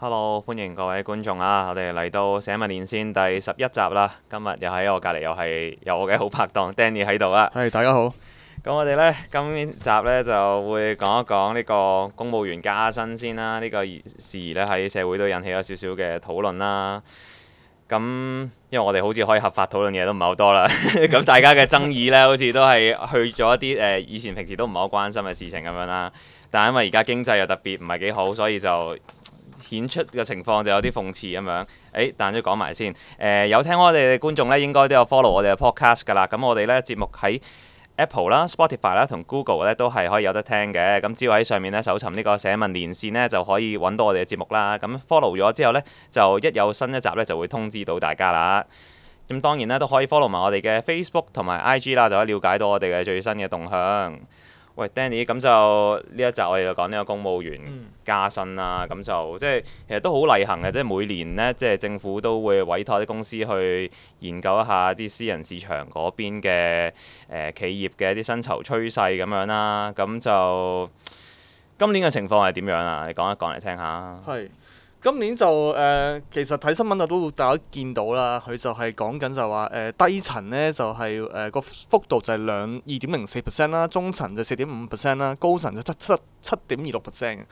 Hello，歡迎各位觀眾啊！我哋嚟到社民連線第十一集啦。今日又喺我隔離，又係有我嘅好拍檔 Danny 喺度啊。係、hey，大家好。咁我哋呢，今集呢就會講一講呢個公務員加薪先啦。呢、這個事宜咧喺社會都引起咗少少嘅討論啦。咁因為我哋好似可以合法討論嘅嘢都唔係好多啦。咁 大家嘅爭議呢，好似都係去咗一啲誒、呃、以前平時都唔係好關心嘅事情咁樣啦。但係因為而家經濟又特別唔係幾好，所以就顯出嘅情況就有啲諷刺咁樣，誒、哎，但都要講埋先。誒、呃，有聽我哋嘅觀眾咧，應該都有 follow 我哋嘅 podcast 㗎啦。咁我哋呢節目喺 Apple 啦、Spotify 啦同 Google 呢都係可以有得聽嘅。咁只要喺上面呢，搜尋呢個社民連線呢就可以揾到我哋嘅節目啦。咁 follow 咗之後呢，就一有新一集呢就會通知到大家啦。咁當然呢都可以 follow 埋我哋嘅 Facebook 同埋 IG 啦，就可以了解到我哋嘅最新嘅動向。喂，Danny，咁就呢一集我哋就講呢個公務員加薪啦。咁、嗯、就即係其實都好例行嘅，即係、嗯、每年呢，即、就、係、係、政府都會委託啲公司去研究一下啲私人市場嗰邊嘅、呃、企業嘅一啲薪酬趨勢咁樣啦、啊。咁就今年嘅情況係點樣啊？你講一講嚟聽下。係。今年就誒、呃，其實睇新聞我都大家見到啦，佢就係講緊就話，誒、呃，低層咧就係、是、誒、呃、個幅度就係兩二點零四 percent 啦，中層就四點五 percent 啦，高層就七七七點二六 percent 嘅，咁、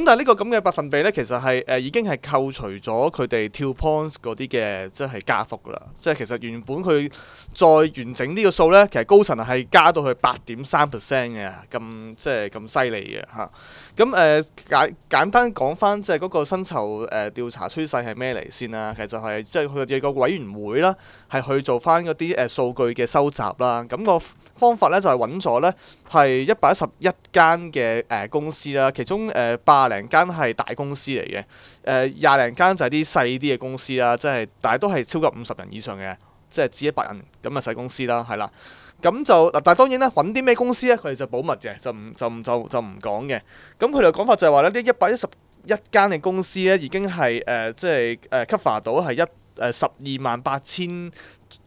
嗯、但係呢個咁嘅百分比咧，其實係誒、呃、已經係扣除咗佢哋跳 points 嗰啲嘅，即、就、係、是、加幅啦。即、就、係、是、其實原本佢再完整呢個數咧，其實高層係加到去八點三 percent 嘅，咁即係咁犀利嘅嚇。咁誒簡簡單講翻，即係嗰個薪酬誒、呃、調查趨勢係咩嚟先啦？其實就係即係佢哋個委員會啦，係去做翻嗰啲誒數據嘅收集啦。咁、啊那個方法咧就係揾咗咧係一百一十一間嘅誒。呃公司啦，其中誒八零間係大公司嚟嘅，誒廿零間就係啲細啲嘅公司啦，即係但係都係超過五十人以上嘅，即係至一百人咁嘅細公司啦，係啦，咁就嗱，但係當然啦，揾啲咩公司咧，佢哋就保密嘅，就唔就唔就就唔講嘅。咁佢哋講法就係話咧，呢一百一十一間嘅公司咧，已經係誒即係誒 cover 到係一誒十二萬八千，呃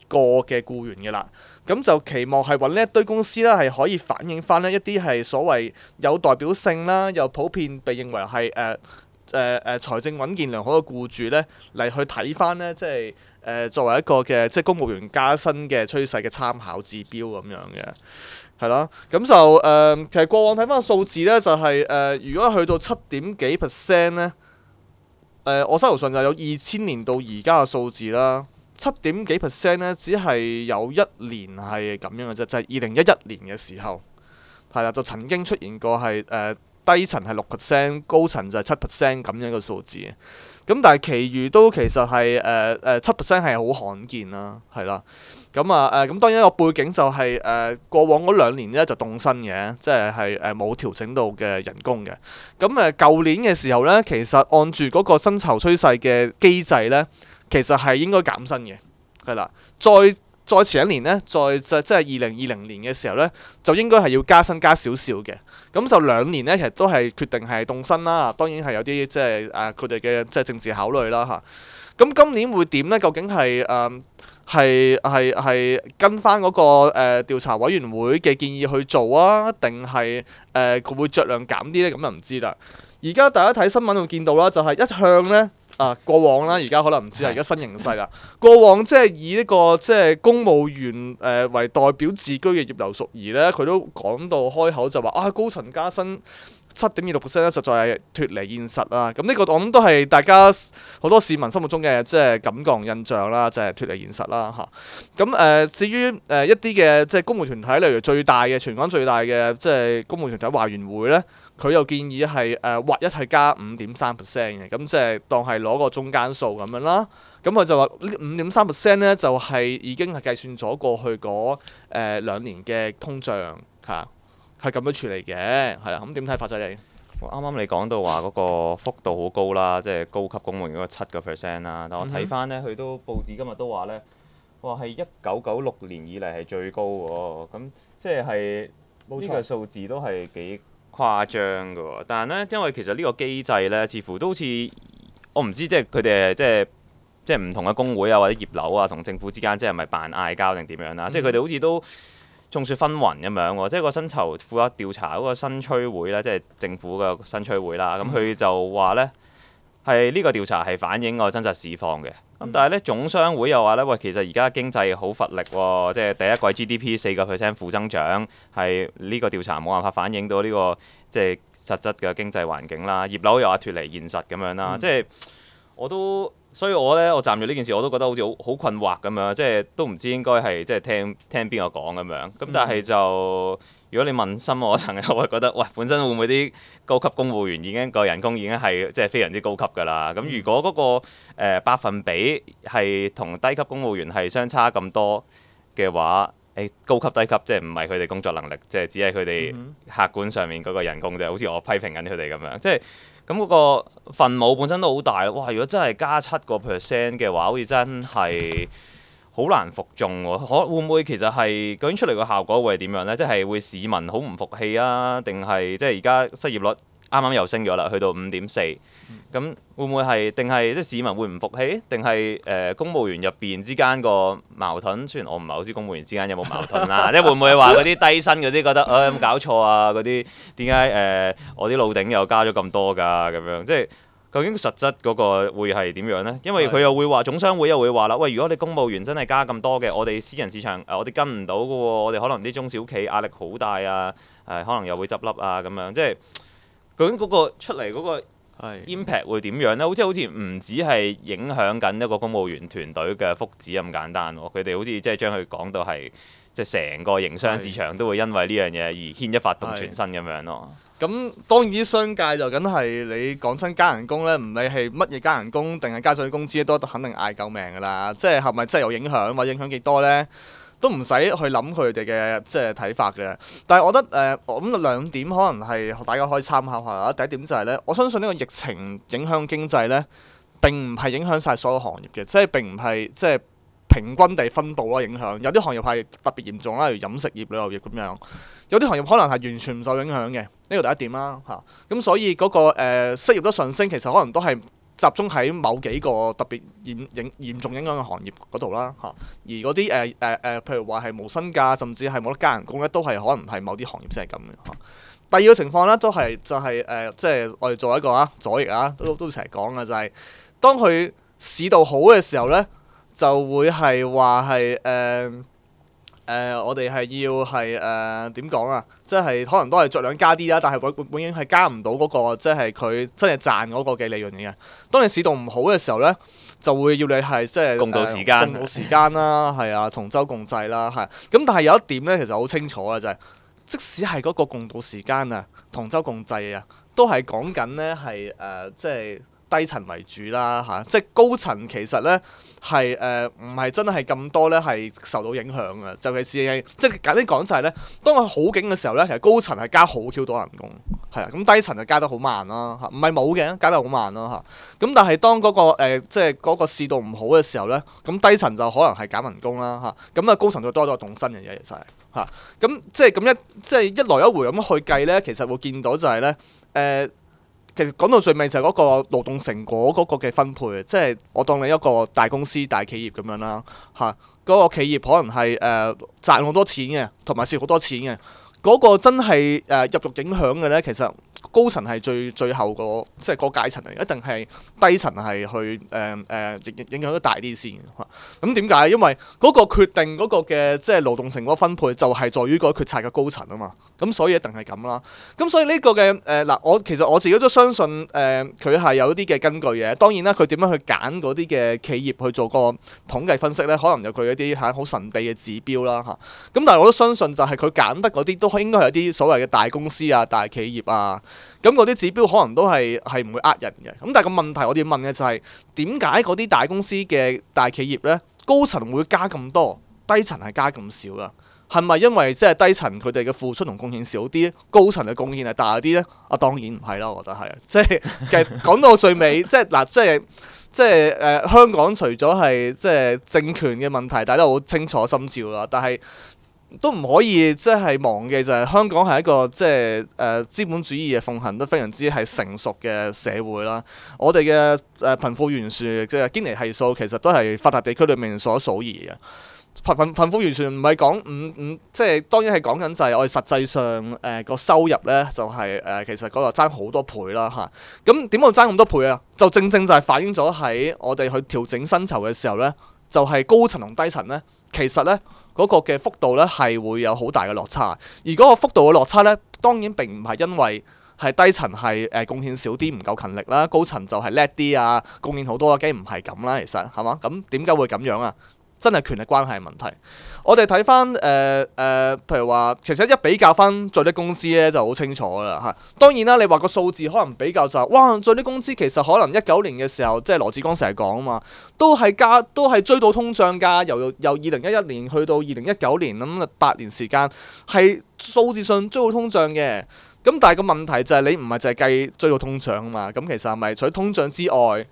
個嘅僱員嘅啦，咁就期望係揾呢一堆公司啦，係可以反映翻呢一啲係所謂有代表性啦，又普遍被認為係誒誒誒財政穩健良好嘅僱主呢。嚟去睇翻呢，即係誒、呃、作為一個嘅即係公務員加薪嘅趨勢嘅參考指標咁樣嘅，係咯？咁就誒、呃，其實過往睇翻個數字呢，就係、是、誒、呃，如果去到七點幾 percent 呢，誒、呃，我手頭上就有二千年到而家嘅數字啦。七點幾 percent 咧，只係有一年係咁樣嘅啫，就係二零一一年嘅時候，係啦，就曾經出現過係誒、呃、低層係六 percent，高層就係七 percent 咁樣嘅數字。咁但係其餘都其實係誒誒七 percent 係好罕見啦，係啦。咁啊誒咁當然個背景就係、是、誒、呃、過往嗰兩年咧就凍薪嘅，即係係誒冇調整到嘅人工嘅。咁誒舊年嘅時候咧，其實按住嗰個薪酬趨勢嘅機制咧。其實係應該減薪嘅，係啦。再再前一年呢，再即係二零二零年嘅時候呢，就應該係要加薪加少少嘅。咁就兩年呢，其實都係決定係凍薪啦。當然係有啲即係誒佢哋嘅即係政治考慮啦嚇。咁今年會點呢？究竟係誒係係係跟翻嗰、那個誒、呃、調查委員會嘅建議去做啊？定係誒佢會酌量減啲呢？咁就唔知啦。而家大家睇新聞會見到啦，就係、是、一向呢。啊，過往啦，而家可能唔知啦，而家新形勢啦。 過往即係以呢、這個即係、就是、公務員誒、呃、為代表自居嘅葉劉淑儀咧，佢都講到開口就話啊，高層加薪七點二六 percent 咧，實在係脫離現實啊。咁、嗯、呢、這個我諗都係大家好多市民心目中嘅即係感覺同印象啦，就係、是、脫離現實啦嚇。咁、啊、誒、呃，至於誒、呃、一啲嘅即係公務團體，例如最大嘅全港最大嘅即係公務員團體華元會咧。佢又建議係誒劃一係加五點三 percent 嘅，咁即係當係攞個中間數咁樣啦。咁佢就話呢五點三 percent 咧，就係已經係計算咗過去嗰誒兩年嘅通脹嚇，係咁樣處理嘅係啦。咁點睇法仔你？啱啱你講到話嗰個幅度好高啦，即係高級公務員嗰個七個 percent 啦。但係我睇翻咧，佢都報紙今日都話咧，話係一九九六年以嚟係最高喎。咁即係報紙嘅數字都係幾誇張嘅喎，但係呢，因為其實呢個機制呢，似乎都好似我唔知，即係佢哋即係即係唔同嘅工會啊，或者業樓啊，同政府之間即係咪扮嗌交定點樣啦？即係佢哋好似都眾說紛紜咁樣喎。即係個薪酬負責調查嗰個新趨會咧，即係政府嘅新趨會啦、啊。咁、嗯、佢、嗯、就話呢。係呢個調查係反映個真實市況嘅，咁、啊、但係咧總商會又話咧，喂，其實而家經濟好乏力喎、哦，即係第一季 GDP 四個 percent 負增長，係呢個調查冇辦法反映到呢、呢個即係實質嘅經濟環境啦。葉劉又話脫離現實咁樣啦，嗯、即係我都。所以我咧，我站住呢件事，我都覺得好似好好困惑咁樣，即係都唔知應該係即係聽聽邊個講咁樣。咁但係就如果你問心我一層，我就覺得喂，本身會唔會啲高級公務員已經個人工已經係即係非常之高級㗎啦？咁如果嗰個誒百分比係同低級公務員係相差咁多嘅話，誒高級低級即係唔係佢哋工作能力，即係只係佢哋客觀上面嗰個人工啫。即係好似我批評緊佢哋咁樣，即係。咁嗰個分母本身都好大哇！如果真係加七個 percent 嘅話，好似真係好難服眾喎。可會唔會其實係究竟出嚟個效果會係點樣呢？即係會市民好唔服氣啊？定係即係而家失業率？啱啱又升咗啦，去到五點四，咁會唔會係定係即市民會唔服氣？定係誒公務員入邊之間個矛盾？雖然我唔係好知公務員之間有冇矛盾啦， 即係會唔會話嗰啲低薪嗰啲覺得誒、 哎、有冇搞錯啊？嗰啲點解誒我啲老頂又加咗咁多噶？咁樣即係究竟實質嗰個會係點樣呢？因為佢又會話總商會又會話啦，喂！如果你公務員真係加咁多嘅，我哋私人市場我哋跟唔到嘅喎，我哋可能啲中小企壓力好大啊，誒、呃、可能又會執笠啊咁樣，即係。即究竟嗰個出嚟嗰個 impact 會點樣呢？是的 好似好似唔止係影響緊一個公務員團隊嘅福祉咁簡單喎、啊。佢哋好似即係將佢講到係即係成個營商市場都會因為呢樣嘢而牽一發動全身咁樣咯、啊。咁當,當然啲商界就梗係你講親加人工呢，唔理係乜嘢加人工定係加上啲工資都肯定嗌救命㗎啦。即係係咪真係有影響？或影響幾多呢？都唔使去諗佢哋嘅即係睇法嘅，但係我覺得誒、呃，我諗兩點可能係大家可以參考下啦。第一點就係、是、咧，我相信呢個疫情影響經濟咧，並唔係影響晒所有行業嘅，即係並唔係即係平均地分布咯影響。有啲行業係特別嚴重啦，如飲食業、旅遊業咁樣。有啲行業可能係完全唔受影響嘅，呢個第一點啦嚇。咁、啊、所以嗰、那個、呃、失業率上升，其實可能都係。集中喺某幾個特別影嚴重影響嘅行業嗰度啦嚇，而嗰啲誒誒誒，譬如話係無薪假，甚至係冇得加人工嘅，都係可能係某啲行業先係咁嘅嚇。第二個情況咧，都係就係、是、誒、呃，即係我哋做一個啊左翼啊，都都成日講嘅就係、是、當佢市道好嘅時候咧，就會係話係誒。呃誒、呃，我哋係要係誒點講啊？即係可能都係酌量加啲啦，但係本本本應係加唔到嗰個，即係佢真係賺嗰個嘅利潤嘅。當你市道唔好嘅時候呢，就會要你係即係共度時間、共度時間啦，係 啊，同舟共濟啦，係、啊。咁但係有一點呢，其實好清楚嘅就係、係，即使係嗰個共度時間啊、同舟共濟啊，都係講緊呢係誒，即係。低層為主啦，嚇、啊！即係高層其實咧係誒，唔係、呃、真係咁多咧，係受到影響嘅。尤其是即係簡單講就係、是、咧，當佢好景嘅時候咧，其實高層係加好 Q 多人工，係啊！咁、嗯、低層就加得好慢啦，嚇、啊！唔係冇嘅，加得好慢啦，嚇、啊！咁但係當嗰、那個即係嗰個市道唔好嘅時候咧，咁、嗯、低層就可能係減人工啦，嚇、啊！咁、嗯、啊，高層就多咗個凍薪嘅嘢其實係，嚇、啊！咁、嗯、即係咁一即係一來一回咁去計咧，其實會見到就係咧誒。呃其實講到最尾就係嗰個勞動成果嗰個嘅分配，即、就、係、是、我當你一個大公司大企業咁樣啦，嚇、啊、嗰、那個企業可能係誒、呃、賺好多錢嘅，同埋蝕好多錢嘅，嗰、那個真係誒、呃、入肉影響嘅咧，其實高層係最最後、就是、個，即係個階層一定係低層係去誒誒、呃呃、影響都大啲先嚇。咁點解？因為嗰個決定嗰個嘅即係勞動成果分配，就係在於嗰個決策嘅高層啊嘛。咁、嗯、所以一定係咁啦。咁、嗯、所以呢個嘅誒嗱，我其實我自己都相信誒，佢、呃、係有一啲嘅根據嘅。當然啦，佢點樣去揀嗰啲嘅企業去做個統計分析呢？可能有佢一啲嚇好神秘嘅指標啦嚇。咁、嗯、但係我都相信就係佢揀得嗰啲都應該係一啲所謂嘅大公司啊、大企業啊。咁嗰啲指標可能都係係唔會呃人嘅。咁、嗯、但係個問題我哋要問嘅就係點解嗰啲大公司嘅大企業呢？高層會加咁多，低層係加咁少噶？係咪因為即係低層佢哋嘅付出同貢獻少啲，高層嘅貢獻係大啲呢？啊，當然唔係啦，我覺得係，即係其實講到最尾， 即係嗱，即係即係誒香港除咗係即係政權嘅問題，大家都好清楚心照啦。但係都唔可以即係忘記就係、是、香港係一個即係誒、呃、資本主義嘅奉行都非常之係成熟嘅社會啦。我哋嘅誒貧富懸殊即係堅尼係數，其實都係發達地區裏面所數而嘅。貧貧富完全唔係講五五，即係當然係講緊就係我哋實際上誒個、呃、收入咧，就係、是、誒、呃、其實嗰度爭好多倍啦嚇。咁點解爭咁多倍啊？就正正就係反映咗喺我哋去調整薪酬嘅時候咧，就係、是、高層同低層咧，其實咧嗰、那個嘅幅度咧係會有好大嘅落差。而嗰個幅度嘅落差咧，當然並唔係因為係低層係誒貢獻少啲唔夠勤力啦，高層就係叻啲啊貢獻好多，梗唔係咁啦，其實係嘛？咁點解會咁樣啊？真係權力關係問題。我哋睇翻誒誒，譬、呃呃、如話，其實一比較翻最低工資咧，就好清楚㗎啦吓。當然啦，你話個數字可能比較就話、哇最低工資其實可能一九年嘅時候，即係羅志剛成日講啊嘛，都係加都係追到通脹噶，由由二零一一年去到二零一九年咁八、嗯、年時間係數字上追到通脹嘅。咁但係個問題就係你唔係就係計追到通脹啊嘛？咁其實係咪除咗通脹之外？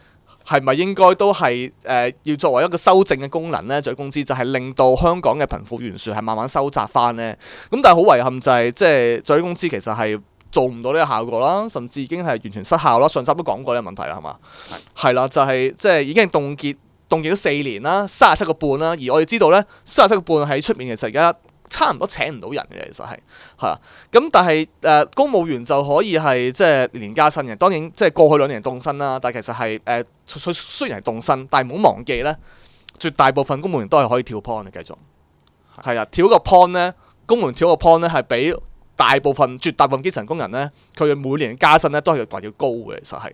係咪應該都係誒、呃、要作為一個修正嘅功能呢？最低工資就係、是、令到香港嘅貧富懸殊係慢慢收窄翻呢。咁但係好遺憾就係即係最低工資其實係做唔到呢個效果啦，甚至已經係完全失效啦。上集都講過呢個問題啦，係嘛？係係啦，就係、是、即係已經凍結凍結咗四年啦，三十七個半啦。而我哋知道呢，三十七個半喺出面其實而家。差唔多請唔到人嘅，其實係嚇咁，但係誒、呃、公務員就可以係即係年加薪嘅。當然即係過去兩年凍薪啦，但係其實係誒，佢、呃、雖然係凍薪，但係唔好忘記咧，絕大部分公務員都係可以跳 point 嘅。繼續係啦，跳個 point 咧，公務員跳個 point 咧，係比大部分絕大部分基層工人咧，佢嘅每年加薪咧都係還要高嘅。其實係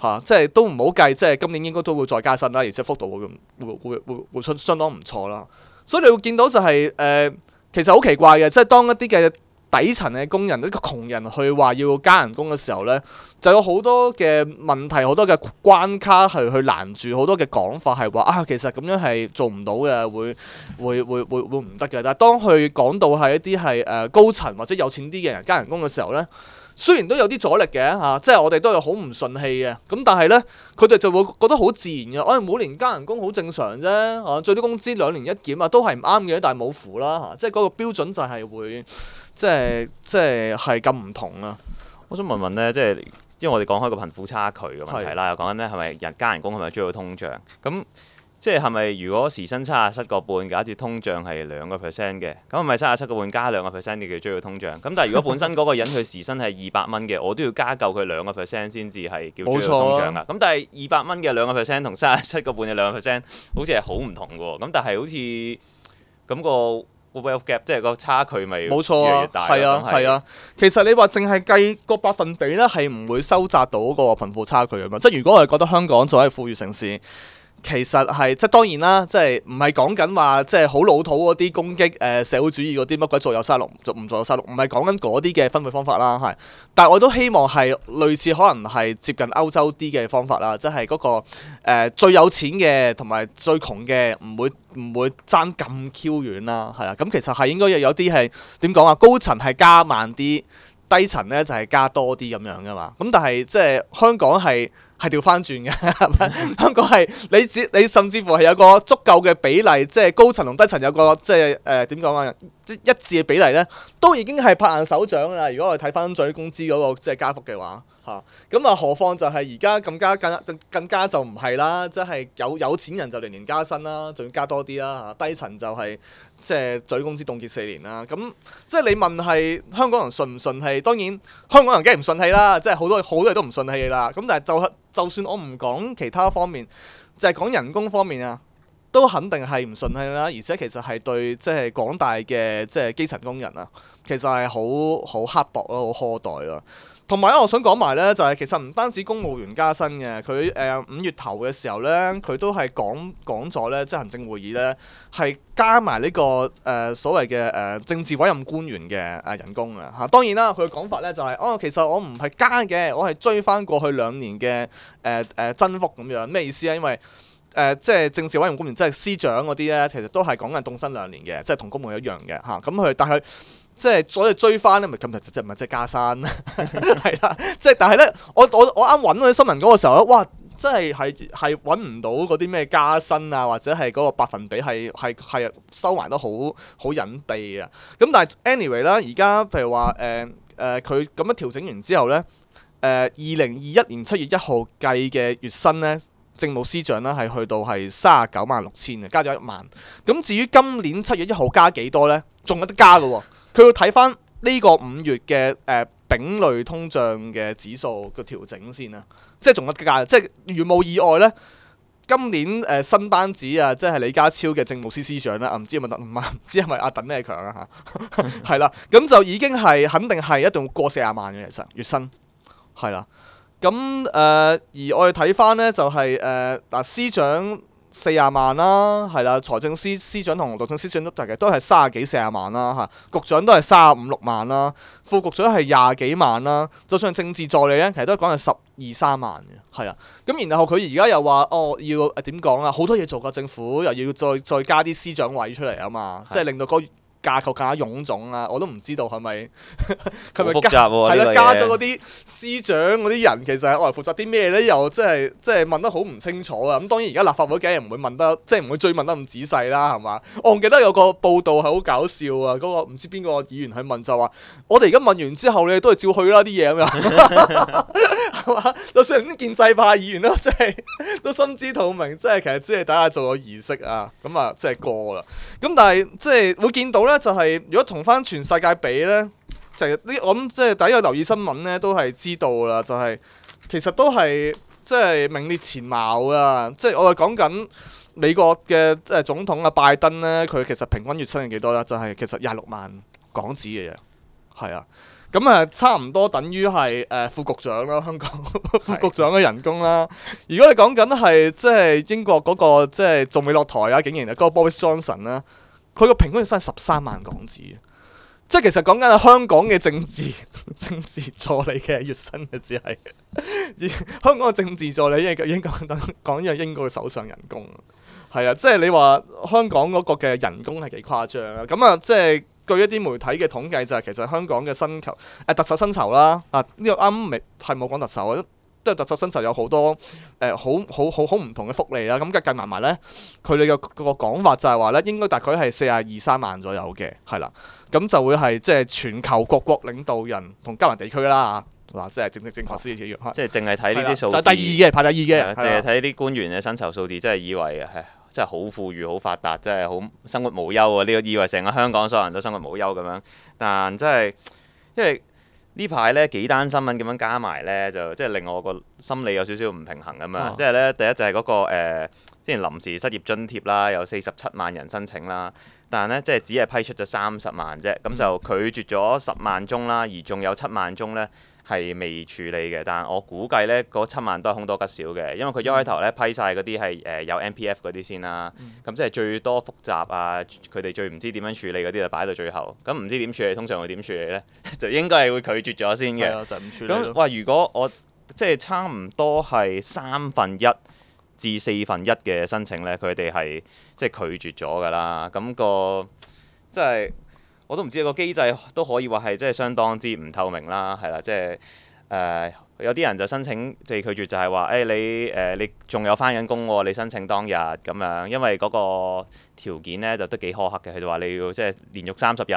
嚇、啊，即係都唔好計，即係今年應該都會再加薪啦，而且幅度會會會會，會，會相相當唔錯啦。所以你會見到就係、是、誒。呃其實好奇怪嘅，即係當一啲嘅底層嘅工人，呢個窮人去話要加人工嘅時候呢，就有好多嘅問題，好多嘅關卡係去攔住，好多嘅講法係話啊，其實咁樣係做唔到嘅，會會會會會唔得嘅。但係當佢講到係一啲係誒高層或者有錢啲嘅人加人工嘅時候呢。雖然都有啲阻力嘅嚇、啊，即係我哋都有好唔順氣嘅，咁但係呢，佢哋就會覺得好自然嘅，我哋、哎、每年加人工好正常啫、啊，最低工資兩年一檢啊，都係唔啱嘅，但係冇符啦嚇，即係嗰個標準就係會即係即係係咁唔同啊！我想問問呢，即係因為我哋講開個貧富差距嘅問題啦，講緊呢係咪日加人工係咪追到通脹咁？即係係咪如果時薪三十七個半，假設通脹係兩個 percent 嘅，咁係咪三十七個半加兩個 percent 你叫追到通脹？咁但係如果本身嗰個人佢時薪係二百蚊嘅，我都要加夠佢兩個 percent 先至係叫追到通脹㗎。咁、啊、但係二百蚊嘅兩個 percent 同三十七個半嘅兩個 percent 好似係好唔同㗎喎。咁但係好似咁個 wealth gap，即係個差距咪冇錯啊，係啊係啊。其實你話淨係計，個百分比咧，係唔會收窄到個貧富差距㗎嘛？即係如果我哋覺得香港仲係富裕城市。其實係即當然啦，即係唔係講緊話即係好老土嗰啲攻擊誒、呃、社會主義嗰啲乜鬼做又三十六，做唔做又三十六，唔係講緊嗰啲嘅分配方法啦，係。但係我都希望係類似可能係接近歐洲啲嘅方法啦，即係嗰、嗰個、呃、最有錢嘅同埋最窮嘅唔會唔會爭咁 Q 遠啦，係啦。咁其實係應該有有啲係點講啊？高層係加慢啲。低層咧就係、是、加多啲咁樣噶嘛，咁但係即係香港係係調翻轉嘅，香港係 你至你甚至乎係有個足夠嘅比例，即係高層同低層有個即係誒點講啊，一一致嘅比例咧，都已經係拍硬手掌啦。如果我哋睇翻最啲工資嗰、那個即係加幅嘅話。咁啊，何況就係而家更加更更加就唔係啦，即係有有錢人就年年加薪啦，仲加多啲啦嚇。低層就係、是、即係嘴工資凍結四年啦。咁、嗯、即係你問係香港人順唔順氣？當然香港人梗係唔順氣啦，即係好多好多人都唔順氣啦。咁但係就就算我唔講其他方面，就係、是、講人工方面啊，都肯定係唔順氣啦。而且其實係對即係廣大嘅即係基層工人啊，其實係好好刻薄咯，好苛待咯。同埋咧，我想講埋咧，就係其實唔單止公務員加薪嘅，佢誒、呃、五月頭嘅時候咧，佢都係講講咗咧，即係、就是、行政會議咧，係加埋呢、這個誒、呃、所謂嘅誒、呃、政治委任官員嘅誒人工嘅。嚇、啊。當然啦，佢嘅講法咧就係、是，哦，其實我唔係加嘅，我係追翻過去兩年嘅誒誒增幅咁樣咩意思咧？因為誒即係政治委任官員，即、就、係、是、司長嗰啲咧，其實都係講緊凍薪兩年嘅，即係同公務員一樣嘅嚇。咁、啊、佢但係。但即係再追翻咧，咪今日即咪即係加薪？係啦， 即係但係咧，我我我啱揾嗰啲新聞稿嘅時候咧，哇！真係係係揾唔到嗰啲咩加薪啊，或者係嗰個百分比係係係收埋得好好隱秘啊。咁但係 anyway 啦，而家譬如話誒誒佢咁樣調整完之後咧，誒二零二一年七月一號計嘅月薪咧，政務司長啦係去到係三十九萬六千嘅，加咗一萬。咁至於今年七月一號加幾多咧？仲有得加噶喎、哦！佢要睇翻呢個五月嘅誒、呃、丙類通脹嘅指數嘅調整先啦。即係仲有幾即係如冇意外呢，今年誒、呃、新班子啊，即係李家超嘅政務司司長、啊啊啊、 啦，唔知有冇得唔係唔知係咪阿鄧咩強啊吓？係啦，咁就已經係肯定係一定過四十萬嘅其實月薪係啦，咁誒、呃、而我哋睇翻呢，就係誒嗱司長。呃啊四十萬啦，係啦，財政司司長同律政司司長都其嘅，都係三十幾四十萬啦，嚇，局長都係三十五六萬啦，副局長係廿幾萬啦，就算政治助理咧，其實都係講係十二三萬嘅。係啊，咁然後佢而家又話哦要點講啊，好多嘢做噶，政府又要再再加啲司長位出嚟啊嘛，即係是的 令到嗰、那個架構更加臃腫啊！我都唔知道係咪佢咪加係啦，啊、加咗嗰啲司長嗰啲人，其實係嚟負責啲咩咧？又即係即係問得好唔清楚啊！咁當然而家立法會梗係唔會問得，即係唔會追問得咁仔細啦、啊，係嘛？我仲記得有個報道係好搞笑啊！嗰、嗰個唔知邊個議員去問就話：我哋而家問完之後咧，都係照去啦啲嘢咁樣，係嘛？就算啲建制派議員咯，即係都心知肚明，即係其實即係大家做個儀式啊，咁啊，即係過啦。咁但係即係會見到咧。就係、是、如果同翻全世界比咧，就呢、是、我諗即係第一個留意新聞呢都係知道啦。就係、是、其實都係即係名列前茅啊！即係我哋講緊美國嘅即係總統啊，拜登呢，佢其實平均月薪係幾多呢？就係、是、其實廿六萬港紙嘅嘢，係啊。咁啊，差唔多等於係誒、呃、副局長啦，香港 副局長嘅人工啦。如果你講緊係即係英國嗰、那個即係仲未落台啊，竟然啊，嗰個 Boris Johnson 啦。佢個平均月薪係十三萬港紙，即係其實講緊係香港嘅政治政治助理嘅月薪嘅，只係。香港嘅政治助理應係應該講講英國嘅首相人工，係啊，即係你話香港嗰個嘅人工係幾誇張啊？咁啊，即係據一啲媒體嘅統計就係，其實香港嘅薪酬誒特首薪酬啦啊呢、這個啱未係冇講特首啊。即係特首薪酬有好多誒、呃，好好好好唔同嘅福利啦。咁計計埋埋咧，佢哋嘅個講法就係話咧，應該大概係四廿二三萬左右嘅，係啦。咁就會係即係全球各國領導人同加環地區啦。嗱，即係正正正確、啊，即係淨係睇呢啲數字。就係、第二嘅排第二嘅。淨係睇啲官員嘅薪酬數字，真係以為係真係好富裕、好發達，真係好生活無憂啊！呢、呢個以為成個香港所有人都生活無憂咁樣，但真係因為。因為呢排呢幾單新聞咁樣加埋呢，就即係令我個心理有少少唔平衡啊嘛！即係呢，第一就係嗰個呃之前臨時失業津貼啦，有四十七萬人申請啦。但呢，即係只係批出咗三十萬啫，咁就拒絕咗十萬宗啦，而仲有七萬宗呢係未處理嘅。但係我估計呢，嗰七萬都係凶多吉少嘅，因為佢一開頭呢批晒嗰啲係誒有 MPF 嗰啲先啦，咁、嗯、即係最多複雜啊，佢哋最唔知點樣處理嗰啲就擺到最後。咁唔知點處理，通常會點處理呢？ 就應該係會拒絕咗先嘅、啊，就咁、係、處理。咁話如果我即係差唔多係三分一至四分一嘅申請呢，佢哋係即係拒絕咗㗎啦。咁、那個即係我都唔知個機制都可以話係即係相當之唔透明啦。係啦，即係誒、呃、有啲人就申請被拒絕就係話誒你誒、呃、你仲有返緊工喎，你申請當日咁樣，因為嗰個條件呢，就都幾苛刻嘅，佢就話你要即係連續三十日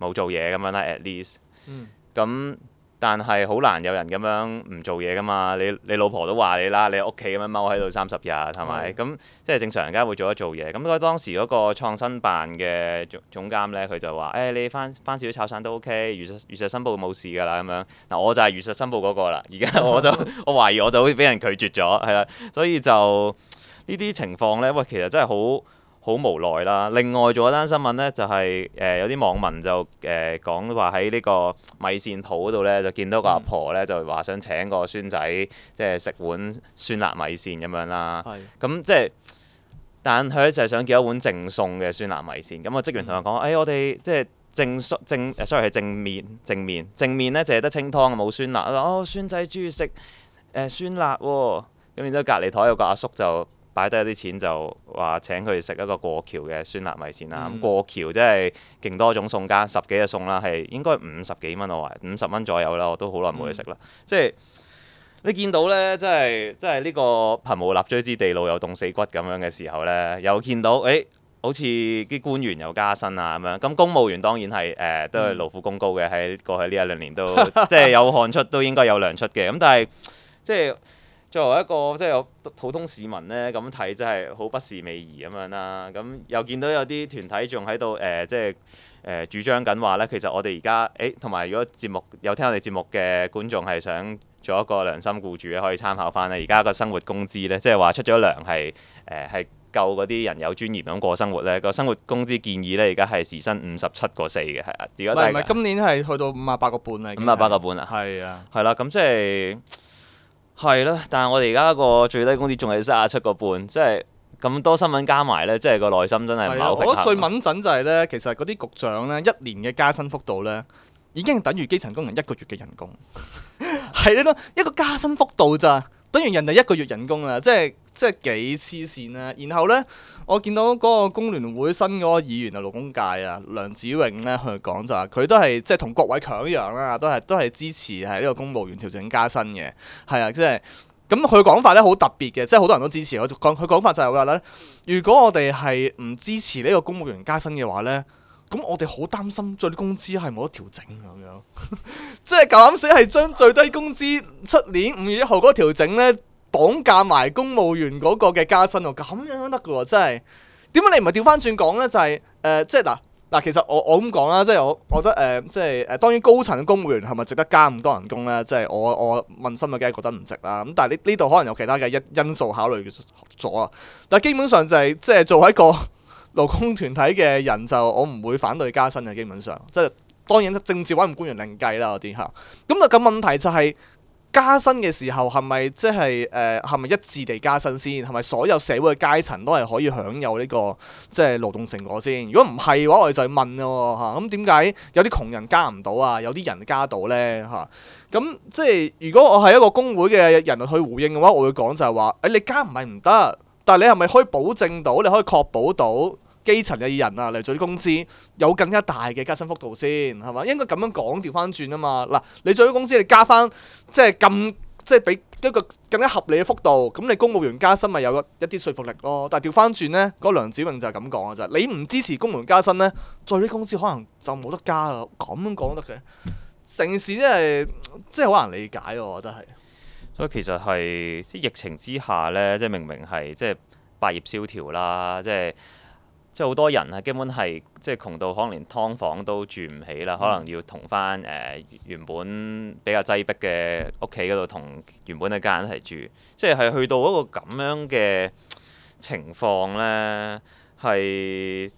冇做嘢咁樣啦，at least。嗯。咁。但係好難有人咁樣唔做嘢噶嘛？你你老婆都話你啦，你屋企咁樣踎喺度三十日係咪？咁、嗯、即係正常，人家會做一做嘢。咁當當時嗰個創新辦嘅總總監呢，佢就話：，誒、哎，你翻翻少少炒散都 OK，如實如實申報冇事㗎啦。咁樣嗱，我就係如實申報嗰個啦。而家我就 我懷疑我就好似俾人拒絕咗，係啦。所以就呢啲情況呢，喂，其實真係好。好無奈啦！另外做一單新聞呢，就係、是、誒、呃、有啲網民就誒講話喺呢個米線鋪嗰度呢，就見到個阿婆呢，就話想請個孫仔即係食碗酸辣米線咁樣啦。係、嗯。咁即係，但佢呢，就係想叫一碗淨餸嘅酸辣米線。咁、那個職員同佢講：，誒、嗯哎，我哋即係正正，sorry 係正，正面正面正面呢，淨係得清湯冇酸辣。哦，孫仔中意食、呃、酸辣喎、啊。咁然之後隔離台有個阿叔就。擺低啲錢就話請佢食一個過橋嘅酸辣米線啦，咁、嗯、過橋即係勁多種餸加十幾嘅餸啦，係應該五十幾蚊我話，五十蚊左右啦，我都好耐冇去食啦。嗯、即係你見到呢，即係即係呢個貧無立錐之地，路有凍死骨咁樣嘅時候呢，又見到誒、哎，好似啲官員又加薪啊咁樣。咁公務員當然係誒、呃，都係勞苦功高嘅，喺、嗯、過去呢一兩年都即係 有汗出，都應該有糧出嘅。咁但係即係。作為一個即係我普通市民呢，咁睇，真係好不是味兒咁樣啦。咁又見到有啲團體仲喺度誒，即係誒、呃、主張緊話呢。其實我哋而家誒，同、欸、埋如果節目有聽我哋節目嘅觀眾係想做一個良心僱主可以參考返咧。而家個生活工資呢，即係話出咗糧係誒係夠嗰啲人有尊嚴咁過生活，呢個生活工資建議呢，而家係時薪五十七個四嘅，係啊。而家唔係今年係去到五啊八個半，五啊八個半啊，係啊的，係啦，咁即係。嗯。係咯，但係我哋而家個最低工資仲係三十七個半，即係咁多新聞加埋呢，即係個內心真係冇平衡。我覺得最敏感就係呢，其實嗰啲局長呢，一年嘅加薪幅度呢，已經等於基層工人一個月嘅人工，係咯 一個加薪幅度咋，等於人哋一個月人工啊，即係。即係幾黐線咧，然後呢，我見到嗰個工聯會新嗰個議員啊，勞工界啊，梁子穎呢，佢講就話佢都係即係同郭偉強一樣啦，都係都係支持係呢個公務員調整加薪嘅，係啊，即係咁佢講法呢好特別嘅，即係好多人都支持，我講佢講法就係話呢：「如果我哋係唔支持呢個公務員加薪嘅話呢，咁我哋好擔心最低工資係冇得調整咁樣，即係咁死係將最低工資出年五月一號嗰個調整呢。綁架埋公務員嗰個嘅加薪喎，咁樣都得㗎喎，真係點解你唔係調翻轉講呢？就係、是、誒、呃，即係嗱嗱，其實我我咁講啦，即係我覺得誒、呃，即係誒、呃呃，當然高層嘅公務員係咪值得加咁多人工呢？即係我我問心嘅梗係覺得唔值啦。咁但係呢呢度可能有其他嘅因因素考慮咗啊。但係基本上就係、是、即係作為一個勞工團體嘅人就我唔會反對加薪嘅。基本上即係當然政治委任官員另計啦嗰啲嚇。咁啊、嗯那個問題就係、是。加薪嘅時候係咪即係誒係咪一致地加薪先？係咪所有社會嘅階層都係可以享有呢、這個即係勞動成果先？如果唔係嘅話，我哋就問咯嚇。咁點解有啲窮人加唔到啊？有啲人加到呢？嚇、啊？咁、嗯、即係如果我係一個工會嘅人去回應嘅話，我會講就係話：誒、哎、你加唔係唔得，但係你係咪可以保證到，你可以確保到？基層嘅人啊，嚟做啲工資有更加大嘅加薪幅度先係嘛？應該咁樣講，調翻轉啊嘛嗱。你做啲工資，你加翻即係咁，即係俾一個更加合理嘅幅度，咁你公務員加薪咪有一啲説服力咯。但係調翻轉呢，嗰梁子榮就係咁講嘅啫。你唔支持公務員加薪呢，做啲工資可能就冇得加啊。咁樣講得嘅城市即係即係好難理解，我覺得係。所以其實係疫情之下呢，即係明明係即係百業蕭條啦，即係。即係好多人啊，基本係即係窮到可能連劏房都住唔起啦，可能要同翻誒原本比較擠迫嘅屋企嗰度同原本一家人一齊住，即係係去到一個咁樣嘅情況咧，係。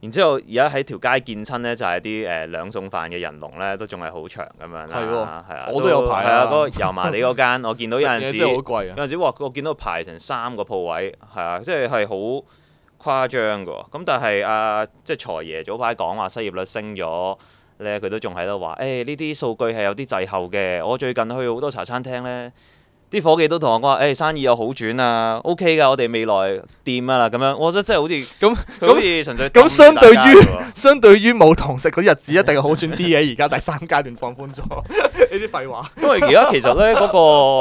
然之後，而家喺條街見親咧，就係啲誒兩餸飯嘅人龍咧，都仲係好長咁樣啦。係喎，係啊，我都有排啊。係啊，嗰個油麻地嗰間，我見到有陣時，真係好貴啊！有陣時哇，我見到排成三個鋪位，係啊，即係係好。誇張嘅喎，咁但係阿、啊、即係財爺早排講話失業率升咗咧，佢都仲喺度話，誒呢啲數據係有啲滯後嘅。我最近去好多茶餐廳咧，啲伙計都同我講話，誒、哎、生意有好轉啊，OK 㗎，我哋未來掂啊啦咁樣，我覺得真係好似咁，那好似純粹咁相對於、嗯、相對於冇堂食嗰日子一定係好轉啲嘅，而家 第三階段放寬咗呢啲廢話。 因為而家其實咧嗰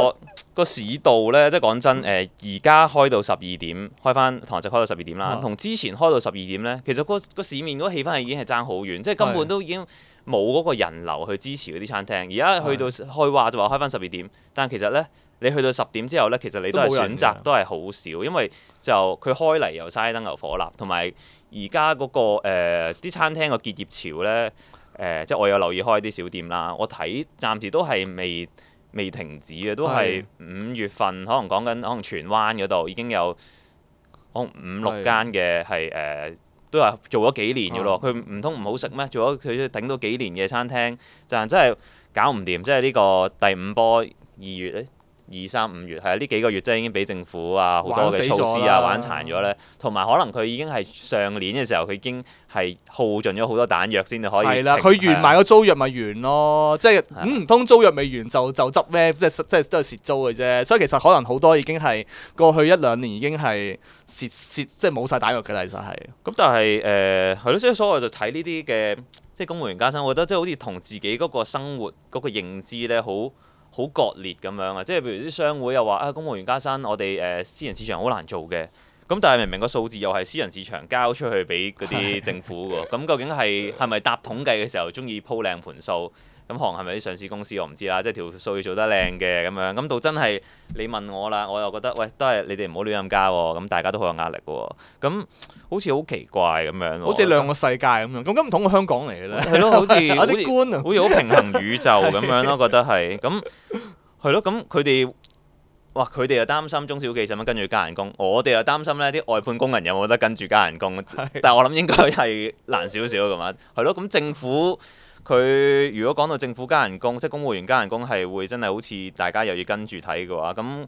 個。 個市道呢，即係講真，誒而家開到十二點，開翻堂食開到十二點啦。同、啊、之前開到十二點呢，其實、嗰個市面嗰個氣氛係已經係爭好遠，即係根本都已經冇嗰個人流去支持嗰啲餐廳。而家去到的去開話就話開翻十二點，但係其實呢，你去到十點之後呢，其實你都係選擇都係好少，因為就佢開嚟又嘥燈油火蠟，同埋而家嗰個啲、呃、餐廳個結業潮呢，呃、即係我有留意開啲小店啦，我睇暫時都係未。未停止嘅，都係五月份，可能講緊，可能荃灣嗰度已經有，可能五六間嘅係誒都係做咗幾年嘅咯。佢唔通唔好食咩？做咗佢都頂到幾年嘅餐廳，但係真係搞唔掂，即係呢個第五波二月咧。二三五月係啊，呢幾個月真係已經俾政府啊好多嘅措施啊玩殘咗咧，同埋可能佢已經係上年嘅時候，佢已經係耗盡咗好多彈藥先可以。係啦，佢完埋個租約咪完咯，的即係唔通租約未完就就執咩？即係即係都係蝕租嘅啫。所以其實可能好多已經係過去一兩年已經係蝕蝕，即係冇曬彈藥嘅，其實係。咁但係誒係咯，所以所以就睇呢啲嘅即係公務員加薪，我覺得即係好似同自己嗰個生活嗰個認知咧好。好割裂咁樣啊！即係譬如啲商會又話啊，公務員加薪，我哋誒、呃、私人市場好難做嘅。咁但係明明個數字又係私人市場交出去俾嗰啲政府喎。咁 究竟係係咪答統計嘅時候鍾意鋪靚盤數？咁行係咪啲上市公司我唔知啦，即係條數要做得靚嘅咁樣，咁到真係你問我啦，我又覺得喂都係你哋唔好亂咁加喎，咁大家都好有壓力喎，咁好似好奇怪咁樣，好似兩個世界咁樣，咁咁唔同個香港嚟嘅咧，係咯 官，好似好好似好平衡宇宙咁 樣咯，我覺得係，咁係咯，咁佢哋哇佢哋又擔心中小企業使乜跟住加人工，我哋又擔心咧啲外判工人有冇得跟住加人工，是的 但係我諗應該係難少少咁樣，係咯，咁政府。佢如果講到政府加人工，即係公務員加人工，係會真係好似大家又要跟住睇嘅話，咁。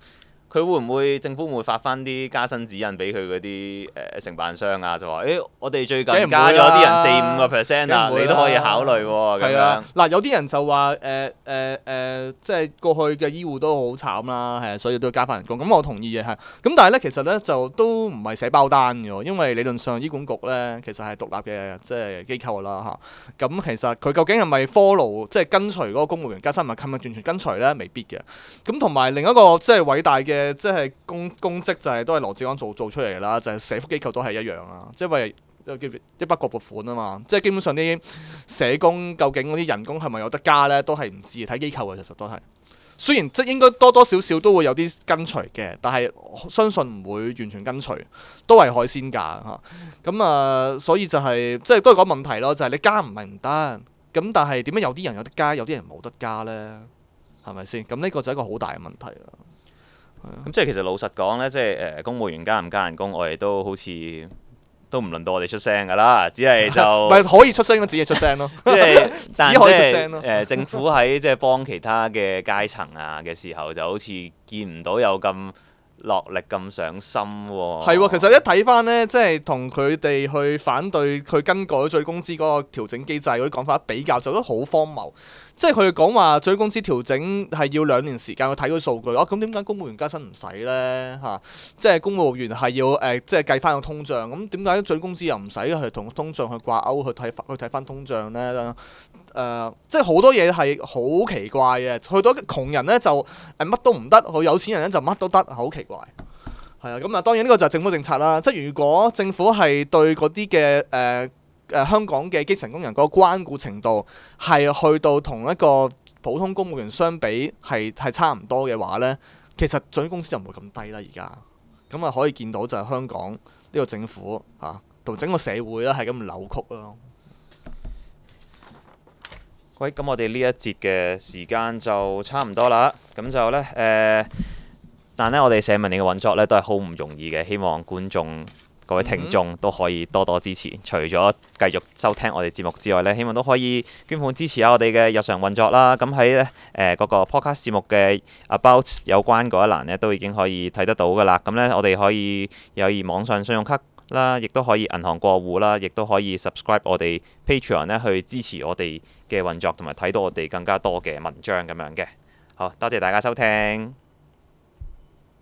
佢會唔會政府會發翻啲加薪指引俾佢嗰啲誒承辦商啊？就話誒、欸，我哋最近加咗啲人四五個 percent 啊，會你都可以考慮喎。啊，嗱樣、啊、有啲人就話誒誒誒，即、呃、係、呃呃就是、過去嘅醫護都好慘啦，係所以都要加翻人工。咁我同意嘅，咁但係咧，其實咧就都唔係寫包單嘅，因為理論上醫管局咧其實係獨立嘅即係機構啦嚇。咁、呃、其實佢究竟係咪 follow 即係跟隨嗰個公務員加薪，係咪冇完全跟隨咧？未必嘅。咁同埋另一個即係偉大嘅。即係公公職就係、是、都係羅智光做做出嚟啦，就係、是、社福機構都係一樣啦。即係為一幾一筆過撥款啊嘛，即係基本上啲社工究竟嗰啲人工係咪有得加呢？都係唔知。睇機構嘅，其實都係雖然即係應該多多少少都會有啲跟隨嘅，但係相信唔會完全跟隨，都係海鮮價咁啊。所以就係、是、即係都係講問題咯，就係、是、你加唔係唔得咁，但係點解有啲人有得加，有啲人冇得加呢？係咪先咁？呢個就係一個好大嘅問題啦。咁、嗯、即係其實老實講咧，即係誒、呃，公務員加唔加人工，我哋都好似都唔輪到我哋出聲噶啦，只係就係可以出聲咯， 只係出聲咯。 是即係只可以出聲咯。誒、 呃，政府喺即係幫其他嘅階層啊嘅 時候，就好似見唔到有咁落力、咁上心喎、啊。係喎、哦，其實一睇翻咧，即係同佢哋去反對佢更改最低工資嗰個調整機制嗰啲講法比較，做得好荒謬。即係佢講話最低工資調整係要兩年時間去睇個數據，咁點解公務員加薪唔使呢？嚇、啊，即、就、係、是、公務員係要誒，即、呃、係、就是、計翻個通脹，咁點解最低工資又唔使去同通脹去掛鈎去睇去睇翻通脹咧？誒、啊，即係好多嘢係好奇怪嘅，去到窮人呢，就乜都唔得，去有錢人呢，就乜都得，好奇怪。係啊，咁啊當然呢個就係政府政策啦。即係如果政府係對嗰啲嘅誒。呃誒、呃、香港嘅基層工人嗰個關顧程度係去到同一個普通公務員相比，係係差唔多嘅話呢，其實整體工資就唔會咁低啦。而家咁啊，可以見到就係香港呢個政府嚇同、啊、整個社會咧係咁扭曲咯。喂，咁我哋呢一節嘅時間就差唔多啦，咁就呢，誒、呃，但呢，我哋社民連嘅運作呢，都係好唔容易嘅，希望觀眾，各位聽眾都可以多多支持，除咗繼續收聽我哋節目之外呢，希望都可以捐款支持下我哋嘅日常運作啦。咁喺誒嗰個 Podcast 節目嘅 About 有關嗰一欄呢，都已經可以睇得到噶啦。咁、嗯、呢，我哋可以有以網上信用卡啦，亦都可以銀行過戶啦，亦都可以 Subscribe 我哋 Patreon 呢去支持我哋嘅運作，同埋睇到我哋更加多嘅文章咁樣嘅。好，多謝大家收聽。